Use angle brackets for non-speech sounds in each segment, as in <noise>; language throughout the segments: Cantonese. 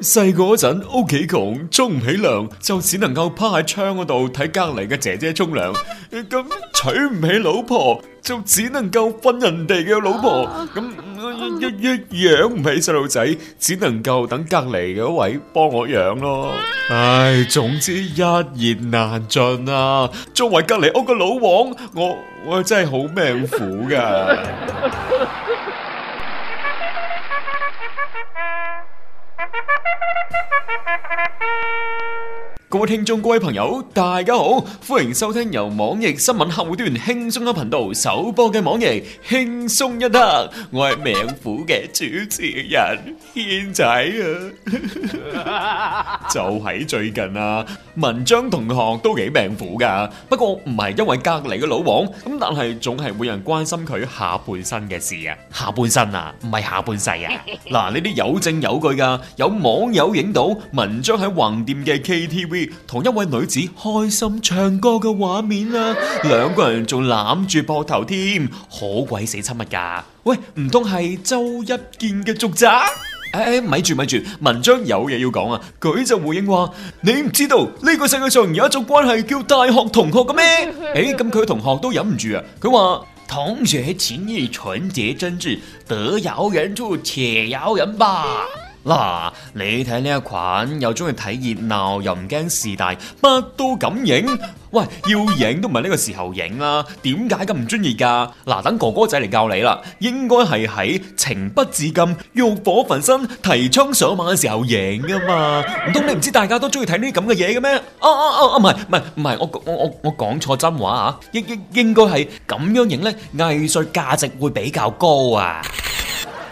細個嗰陣屋企窮，沖唔起涼，就只能夠趴喺窗嗰度睇隔籬嘅姐姐沖涼。咁娶唔起老婆，就只能夠瞓人哋嘅老婆。咁一一一養唔起細路仔，只能夠等隔籬嗰位幫我養咯。唉，總之一言難盡啊！作為隔籬屋嘅老王，我我真係好命苦噶。各位聽眾、各位朋友，大家好，歡迎收聽由網易新聞客戶端輕鬆一頻道首播嘅網易輕鬆一刻，我係命苦嘅主持人天仔啊！就喺最近啊，文章同學都幾命苦噶，不過唔係因為隔籬嘅老王咁，但係總係會有人關心佢下半身嘅事啊！下半身啊，唔係下半世啊！嗱，呢啲有證有據噶，有網友影到文章喺橫店嘅 KTV，同一位女子開心唱歌嘅畫面啊，兩個人仲攬住膊頭添，好鬼死親密㗎。喂，唔通係周一見嘅續集？誒、哎，咪住咪住，文章有嘢要講啊！佢就回應話：你唔知道呢、呢個世界上有一種關係叫大學同學嘅咩？誒、哎，咁佢同學都忍唔住啊！佢話： <laughs> 同學蠢者情誼純潔真摯，得饒人處且饒人吧。嗱、啊，你睇呢一款又中意睇熱鬧，又唔驚事大，乜都敢影。喂，要影都唔係呢個時候影啊？點解咁唔專業噶？嗱、啊，等哥哥仔嚟教你啦。應該係喺情不自禁、欲火焚身、提槍上馬嘅時候影噶嘛。唔通你唔知大家都中意睇呢啲咁嘅嘢嘅咩？哦哦哦，唔係唔係唔係，我我我我講錯真話啊。應應應該係咁樣影咧，藝術價值會比較高啊。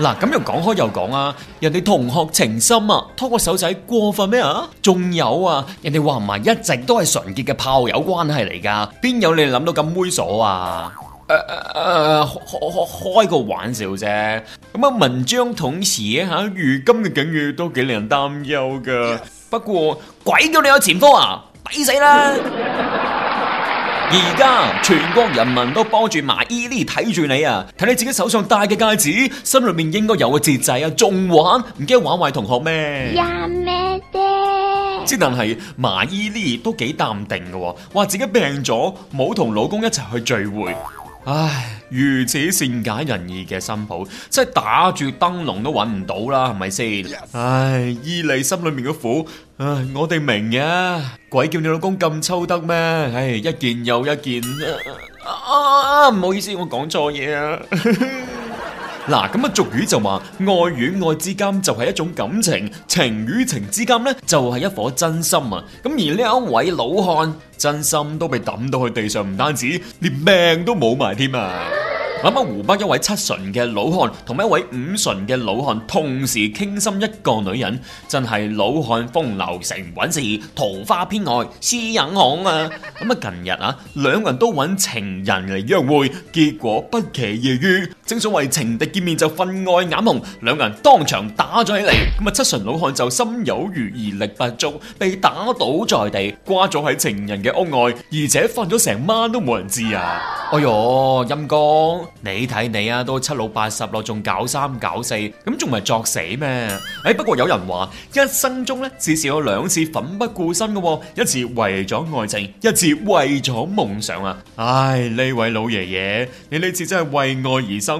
嗱，咁又講開又講啊，人哋同學情深啊，拖個手仔過分咩啊？仲有啊，人哋話唔係一直都係純潔嘅炮友關係嚟噶，邊有你諗到咁猥瑣啊？誒誒誒，開個玩笑啫。咁啊，文章同時吓，如今嘅境遇都幾令人擔憂噶。不過，鬼叫你有前科啊，抵死啦！而家全國人民都幫住馬伊琍睇住你啊，睇你自己手上戴嘅戒指，心裏面應該有個節制啊，仲玩唔驚玩壞同學咩？阿咩？爹，之但係馬伊琍都幾淡定嘅，啊，話自己病咗，冇同老公一齊去聚會。唉，如此善解人意嘅新抱，真係打住燈籠都揾唔到啦，係咪先？Yes. 唉，依利心裏面嘅苦，唉，我哋明嘅。鬼叫你老公咁抽得咩？唉，一件又一件。啊，唔、啊、唔好意思，我講錯嘢啊。 <laughs> 嗱，咁啊，俗語就話愛與愛之間就係一種感情，情與情之間咧就係、是、一顆真心啊！咁而呢一位老漢，真心都被抌到去地上，唔單止，連命都冇埋添啊！啱啱、 <laughs> 啊、湖北一位七旬嘅老漢，同埋一位五旬嘅老漢，同時傾心一個女人，真係老漢風流成韻事，桃花偏愛私隱行啊！咁啊，近日啊，兩人都揾情人嚟約會，結果不期而遇。正所謂情敵見面就分外眼紅，兩個人當場打咗起嚟。咁啊，七旬老漢就心有餘而力不足，被打倒在地，掛咗喺情人嘅屋外，而且瞓咗成晚都冇人知啊！哎喲，陰哥，你睇你啊，都七老八十咯，仲搞三搞四，咁仲唔係作死咩？哎，不過有人話，一生中呢，至少有兩次奮不顧身嘅，一次為咗愛情，一次為咗夢想啊！唉，呢位老爺爺，你呢次真係為愛而生。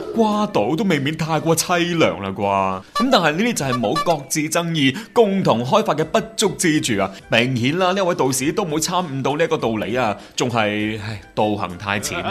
都未免太過淒涼啦啩，咁但係呢啲就係冇各自爭議，共同開發嘅不足之處啊！明顯啦、啊，呢位道士都冇參悟到呢個道理啊，仲係道行太淺。嗱、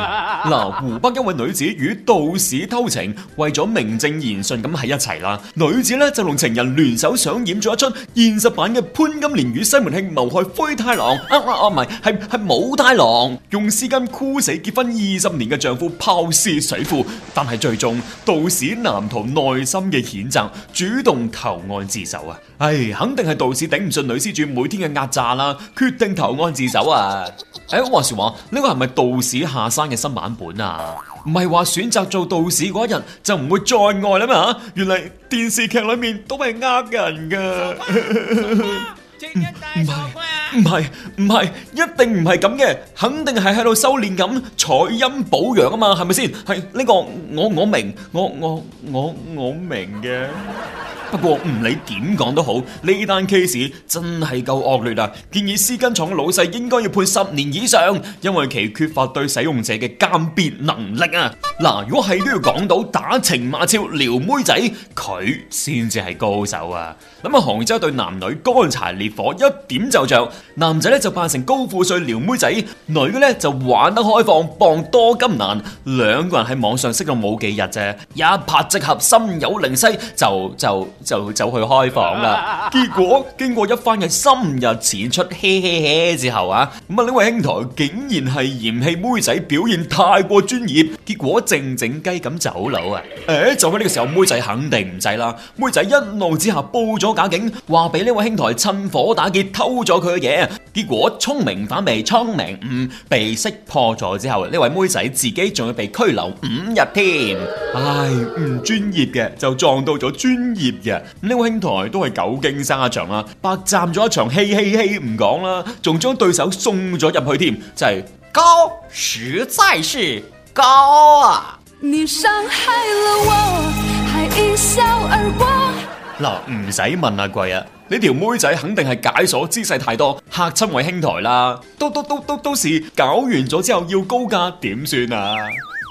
啊，湖北一位女子與道士偷情，為咗名正言順咁喺一齊啦，女子呢，就同情人聯手上演咗一出現實版嘅潘金蓮與西門慶謀害灰太狼，哦唔係，係係武太郎，用絲巾箍死結婚二十年嘅丈夫拋屍水庫，但係最終，道士男徒內心嘅譴責，主動投案自首啊！唉、哎，肯定係道士頂唔順女施主每天嘅壓榨啦、啊，決定投案自首啊！哎，話時話呢個係咪道士下山嘅新版本啊？唔係話選擇做道士嗰一日就唔會再愛啦嘛？原嚟電視劇裏面都係呃人噶。唔唔係唔係唔係，一定唔係咁嘅，肯定係喺度修煉咁採陰補陽啊嘛，係咪先？係呢、這個我我明，我我我我明嘅。 <laughs> 不過唔理點講都好，呢單 case 真係夠惡劣啊！建議私間廠老細應該要判十年以上，因為其缺乏對使用者嘅鑒別能力啊！嗱、啊，如果係都要講到打情罵俏撩妹仔，佢先至係高手啊！諗下杭州一對男女乾柴烈火一點就着，男仔咧就扮成高富帥撩妹仔，女嘅咧就玩得開放傍多金男，兩個人喺網上識咗冇幾日啫，一拍即合心有靈犀就就。就就走去開房啦，結果經過一番嘅深入淺出，嘿嘿嘿之後啊，咁啊呢位兄台竟然係嫌棄妹仔表現太過專業，結果靜靜雞咁走佬啊！誒、欸，就喺呢個時候，妹仔肯定唔制啦。妹仔一怒之下報咗假警，話俾呢位兄台趁火打劫偷咗佢嘅嘢，結果聰明反被聰明誤，被識破咗之後，呢位妹仔自己仲要被拘留五日添。唉，唔專業嘅就撞到咗專業人。呢位兄台都係久經沙場啦，白站咗一場，嘿嘿嘿唔講啦，仲將對手送咗入去添，就係高實在是高啊！你傷害了我還一笑而過，嗱，唔使問阿貴啊，呢條妹仔肯定係解鎖姿勢太多，嚇親位兄台啦，都都都都都是搞完咗之後要高價點算啊！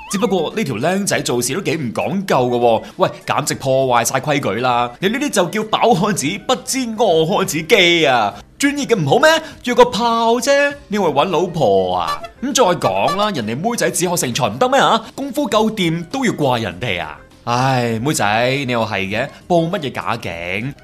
只不過呢條僆仔做事都幾唔講究噶喎，喂，簡直破壞晒規矩啦！你呢啲就叫飽漢子不知餓漢子飢啊！專業嘅唔好咩？約個炮啫，你為揾老婆啊？咁再講啦，人哋妹仔只學成才唔得咩啊？功夫夠掂都要怪人哋啊！唉，妹仔，你又係嘅，報乜嘢假警，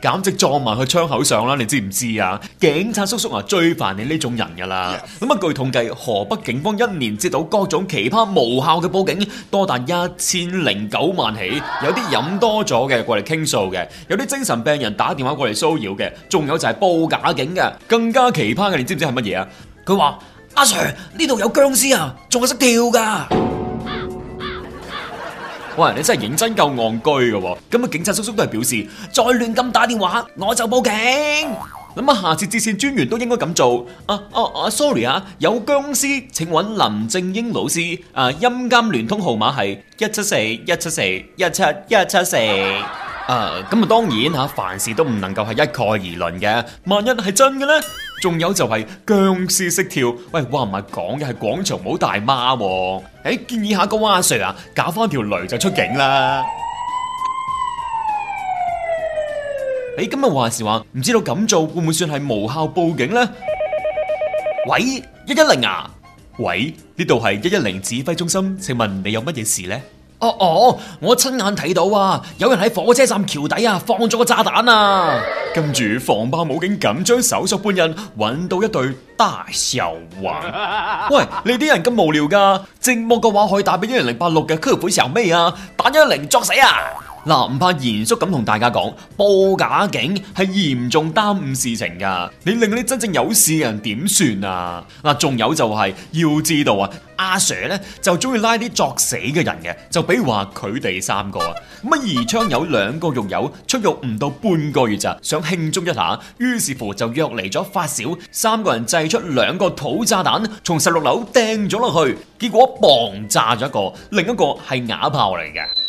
簡直撞埋去窗口上啦！你知唔知啊？警察叔叔啊，最煩你呢種人噶啦。咁啊，據統計，河北警方一年接到各種奇葩無效嘅報警多達一千零九萬起。有啲飲多咗嘅過嚟傾訴嘅，有啲精神病人打電話過嚟騷擾嘅，仲有就係報假警嘅。更加奇葩嘅，你知唔知係乜嘢啊？佢話阿 Sir 呢度有僵屍啊，仲係識跳噶。喂！你真係認真夠戇居嘅，咁、嗯、啊警察叔叔都係表示，再亂咁打電話我就報警。諗、嗯、下下次接線專員都應該咁做。啊啊啊，sorry 啊，有僵屍請揾林正英老師。啊，陰間聯通號碼係一七四一七四一七一七四。啊，咁、嗯、啊、嗯、當然吓、啊，凡事都唔能夠係一概而論嘅。萬一係真嘅呢？仲有就係僵屍識跳，喂，話唔係講嘅係廣場舞大媽喎、啊，誒、欸，建議下個蛙 Sir 啊，搞翻條雷就出警啦。誒、欸，今日話時話，唔知道咁做會唔會算係無效報警咧？喂，一一零啊，喂，呢度係一一零指揮中心，請問你有乜嘢事咧？哦哦，oh, oh, 我親眼睇到啊！有人喺火車站橋底啊放咗個炸彈啊！跟住防爆武警緊張搜索半日，揾到一對大手環。 <laughs> 喂，你啲人咁無聊噶？寂寞嘅話可以打俾一零零八六嘅，區會時候咩啊？打一零作死啊！嗱，唔怕嚴肅咁同大家講，報假警係嚴重耽誤事情噶，你令嗰啲真正有事嘅人點算啊？嗱，仲有就係、是、要知道啊呢，阿 Sir 咧就中意拉啲作死嘅人嘅，就比如話佢哋三個啊，乜兒 <laughs> 槍有兩個獄友出獄唔到半個月咋，想輕鬆一下，於是乎就約嚟咗發小三個人製出兩個土炸彈，從十六樓掟咗落去，結果一磅炸咗一個，另一個係啞炮嚟嘅。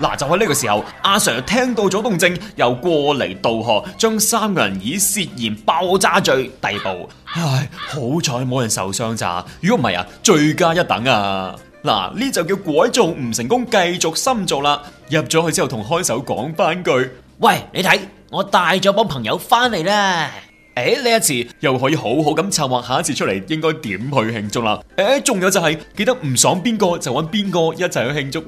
嗱，就喺呢個時候，阿 Sir 聽到咗動靜，又過嚟道賀，將三個人以涉嫌爆炸罪逮捕。唉，好彩冇人受傷咋，如果唔係啊，罪加一等啊！嗱、啊，呢就叫改造唔成功，繼續深造啦。入咗去之後，同看守講翻句，喂，你睇，我帶咗幫朋友翻嚟啦。誒，呢、哎、一次又可以好好咁策劃下一次出嚟，應該點去慶祝啦。誒、哎，仲有就係、是、記得唔爽邊個就揾邊個一齊去慶祝。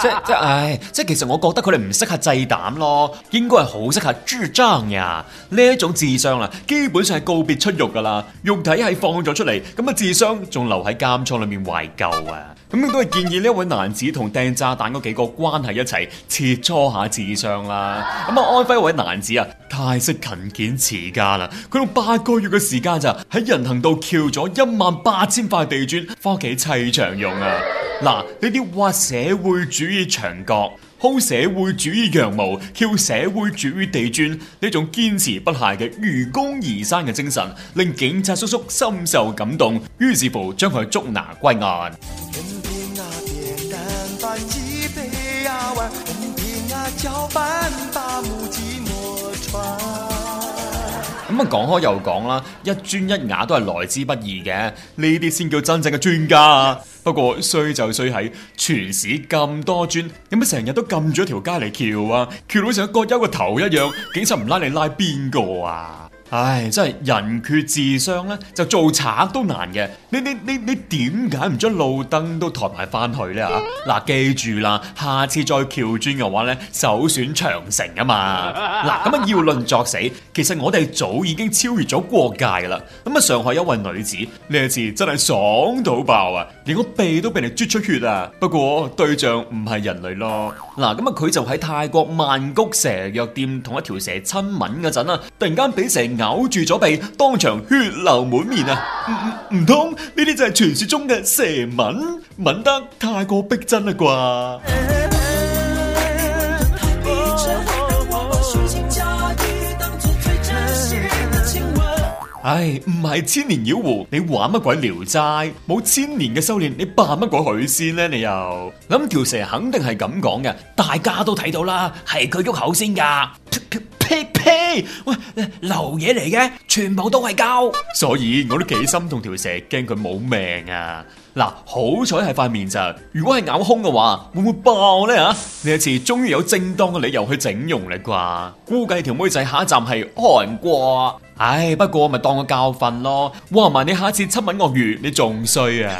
即即係、哎、即係其實我覺得佢哋唔適合製膽咯，應該係好適合智障呀。呢一種智商啦、啊，基本上係告別出獄噶啦，肉體係放咗出嚟，咁啊智商仲留喺監倉裏面懷舊啊。咁、嗯、都係建議呢一位男子同掟炸彈嗰幾個關係一齊切磋下智商啦。咁、嗯、啊安徽一位男子啊。太識勤儉持家啦！佢用八個月嘅時間就喺人行道撬咗一萬八千塊地磚返屋企砌牆用啊！嗱、啊，呢啲挖社會主義牆角、薅社會主義羊毛、撬社會主義地磚，呢種堅持不懈嘅愚公移山嘅精神，令警察叔叔深受感動，於是乎將佢捉拿歸案。嗯咁啊，講開又講啦，一磚一瓦都係來之不易嘅，呢啲先叫真正嘅專家啊。不過衰就衰喺全市咁多磚，點解成日都撳住一條街嚟撬啊？撬到成個葛優個頭一樣，警察唔拉你拉邊個啊？唉，真係人缺智商咧，就做賊都難嘅。你你你你點解唔將路燈都抬埋翻去咧啊？嗱，記住啦，下次再撬磚嘅話咧，首選長城啊嘛。嗱、啊，咁啊要論作死，其實我哋早已經超越咗國界噶啦。咁啊，上海一位女子呢一次真係爽到爆啊，連個鼻都俾你啜出血啊。不過對象唔係人類咯。嗱，咁啊，佢就喺泰國曼谷蛇藥店同一條蛇親吻嗰陣啊，突然間俾蛇咬住咗鼻，當場血流滿面啊！唔通呢啲就係傳説中嘅蛇吻，吻得太過逼真啦啩？唉，唔係千年妖狐，你玩乜鬼聊齋？冇千年嘅修煉，你扮乜鬼許仙咧？你又諗條蛇肯定係咁講嘅？大家都睇到啦，係佢喐口先噶。呸呸！喂，呃、流嘢嚟嘅，全部都係膠。所以我都幾心痛條蛇，驚佢冇命啊！嗱，好彩係塊面咋，如果係咬胸嘅話，會唔會爆呢？嚇？呢一次終於有正當嘅理由去整容啦啩，估計條妹仔下一站係韓國。唉，不過咪當個教訓咯。哇，埋你下一次親吻鱷魚，你仲衰啊！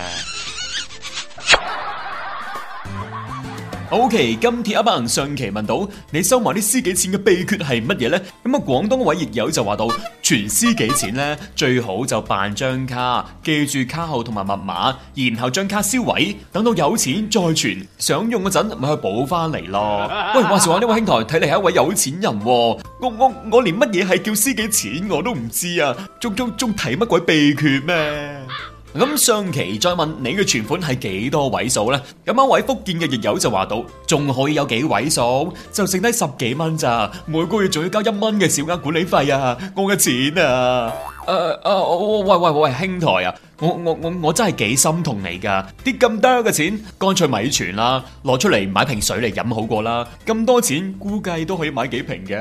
O K，今次一班人上期問到你收埋啲私己錢嘅秘訣係乜嘢呢？咁啊，廣東位亦友就話到存私己錢呢？最好就辦張卡，記住卡號同埋密碼，然後將卡銷毀，等到有錢再存，想用嗰陣咪去補翻嚟咯。啊、喂，話時話呢位兄台，睇嚟係一位有錢人喎、哦。我我我連乜嘢係叫私己錢我都唔知啊，仲仲仲睇乜鬼秘訣咩？咁上期再問你嘅存款係幾多位數咧？咁嗰位福建嘅易友就話到，仲可以有幾位數，就剩低十幾蚊咋？每個月仲要交一蚊嘅小額管理費啊！我嘅錢啊！誒、呃、誒、呃，喂喂喂喂，兄台啊，我我我我真係幾心痛你噶，啲咁多嘅錢，乾脆咪存啦，攞出嚟買瓶水嚟飲好過啦，咁多錢估計都可以買幾瓶嘅。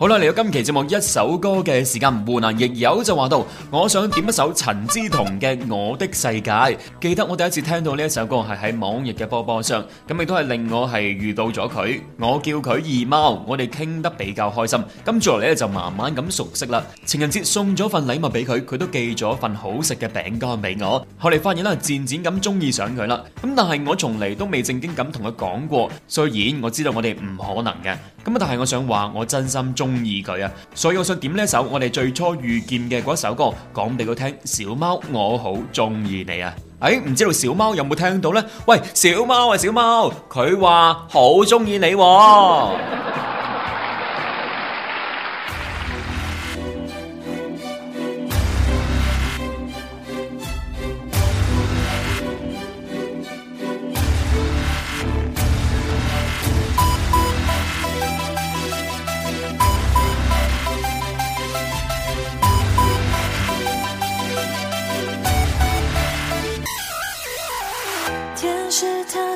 好啦，嚟到今期節目一首歌嘅時間唔換啊！亦有就話到，我想點一首陳之彤嘅《我的世界》。記得我第一次聽到呢一首歌係喺網易嘅波波上，咁亦都係令我係遇到咗佢。我叫佢二貓，我哋傾得比較開心。咁再嚟咧就慢慢咁熟悉啦。情人節送咗份禮物俾佢，佢都寄咗份好食嘅餅乾俾我。後嚟發現咧，漸漸咁中意上佢啦。咁但係我從嚟都未正經咁同佢講過。雖然我知道我哋唔可能嘅。咁但係我想話，我真心中意佢啊，所以我想點呢首我哋最初遇見嘅嗰首歌，講俾佢聽。小貓，我好中意你啊！誒、欸，唔知道小貓有冇聽到呢？喂，小貓啊，小貓，佢話好中意你，啊。 <laughs>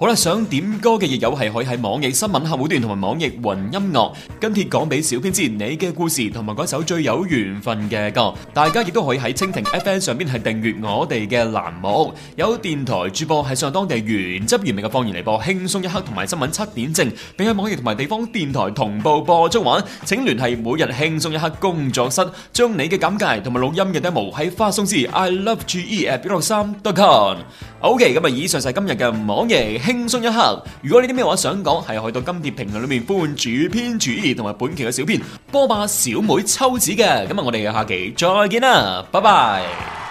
好啦，想點歌嘅友友係可以喺網易新聞客戶端同埋網易雲音樂跟貼講俾小編知你嘅故事同埋嗰首最有緣分嘅歌。大家亦都可以喺蜻蜓 FM 上邊係訂閱我哋嘅欄目，有電台主播係上當地原汁原味嘅方言嚟，播輕鬆一刻同埋新聞七點正，並喺網易同埋地方電台同步播出。請聯繫每日輕鬆一刻工作室，將你嘅簡介同埋錄音嘅 demo 喺發送至 i love ge at 163 dot com。OK，咁啊以上就係今日嘅網易。輕鬆一刻，如果你啲咩話想講，係去到今碟評論裏面呼喚主編、主編同埋本期嘅小編波霸小妹抽子嘅。噉我哋下期再見啦，拜拜。